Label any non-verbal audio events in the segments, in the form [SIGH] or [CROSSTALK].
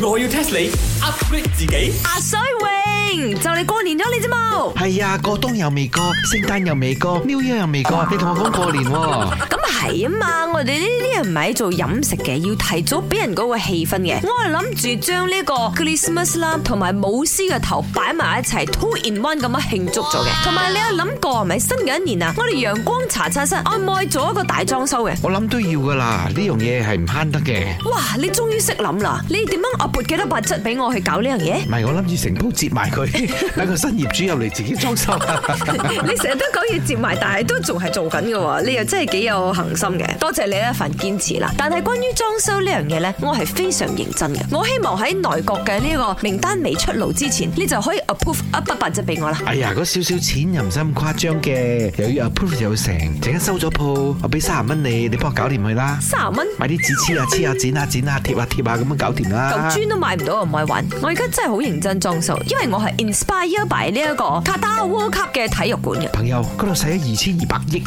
我要 test 你 upgrade 自己。阿水榮，就你過年咗你之冇？係啊，過冬又未過，聖誕又未過，New Year 又未過，你同我講過年喎。咁係啊嘛，我哋呢啲人唔係喺做飲食嘅，要提早俾人嗰個氣氛嘅。我係諗住將呢個 Christmaslamp 同埋舞獅嘅頭擺埋一齊，two in one 咁樣慶祝咗嘅。同埋你有諗過係咪新嘅一年啊？我哋陽光茶餐室愛愛做一個大裝修嘅。我諗都要噶啦，呢樣嘢係唔慳得嘅。哇，你終於識諗啦，你點樣？我撥幾多八七俾我去搞呢樣嘢？唔係，我諗住成鋪接埋佢，等個新業主入嚟自己裝修。 [LAUGHS] [LAUGHS] 你成日都講要接埋，但係都仲係做緊嘅。你又真係幾有恒心嘅，多謝你一份堅持啦。但係關於裝修呢樣嘢咧，我係非常認真嘅。我希望喺內閣嘅呢個名單未出爐之前，你就可以 approve 一筆百七俾我啦。哎呀，嗰少少錢又唔使咁誇張嘅，由要 approve 又成，陣間收咗鋪，我俾三十蚊你，你幫我搞掂佢啦。三十蚊，買啲紙黐下黐下，剪下剪下，貼下貼下，咁、啊啊啊、樣搞掂啦。磚都買唔到啊，唔係玩。我而家真係好認真裝修，因為我係 inspire by 呢一個卡塔爾 World c 嘅體育館嘅朋友，嗰度使咗二千二百億，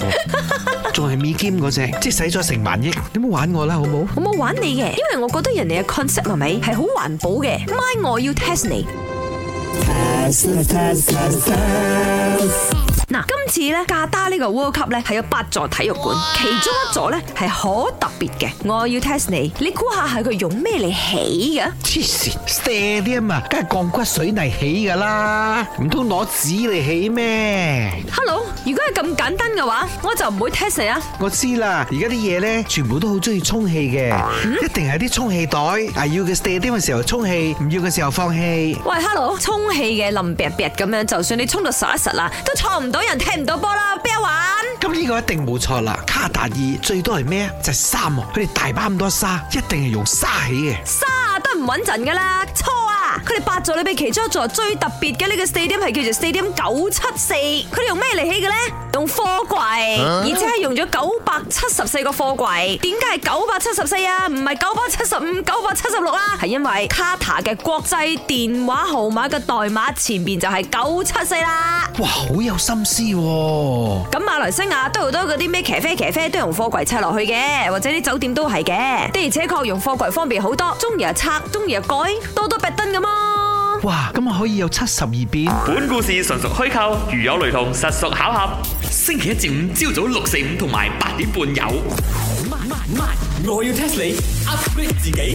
仲係 me 金嗰隻，即係使咗成萬億，你冇玩我啦，好唔好？我冇玩你嘅，因為我覺得人哋嘅 concept 係咪係好環保嘅？m 係，我要 test 你。嗱，今。似咧，架打呢個 World Cup 咧，係有八座體育館，其中一座咧係好特別嘅。我要 test 你，你估下係佢用咩嚟起嘅？黐線，stadium 啊，梗係鋼骨水泥起噶啦，唔通攞紙嚟起咩？Hello，如果係咁簡單嘅話，我就唔會 test 你啊。我知啦，而家啲嘢咧，全部都好中意充氣嘅，一定係啲充氣袋。啊，要嘅 s t a y 啲嘅時候充氣，唔要嘅時候放氣。喂，Hello，充氣嘅淋癟癟咁樣，就算你充到實一實啦，都錯唔到人聽。唔到波啦，邊玩？咁呢個一定冇錯啦，卡達爾最多係咩就就係沙喎，佢哋大把咁多沙，一定係用沙起嘅，沙都唔穩陣噶啦。佢哋八座裏邊其中一座最特別嘅呢個四點係叫做四點九七四，佢哋用咩嚟起嘅呢？用貨櫃，啊、而且係用咗九百七十四個貨櫃。點解係九百七十四啊？唔係九百七十五、九百七十六啊？係因為卡塔嘅國際電話號碼嘅代碼前面就係九七四啦。哇，好有心思。哦。咁馬來西亞都好多嗰啲咩咖啡、咖啡都用貨櫃砌落去嘅，或者啲酒店都係嘅。的而且確用貨櫃方便好多，中意又拆，中意又改，多多壁登咁。哇！咁啊可以有七十二變。本故事純屬虛構，如有雷同，實屬巧合。星期一至五朝早六四五同埋八點半有。Oh, my, my, my. 我要 test 你，upgrade 自己。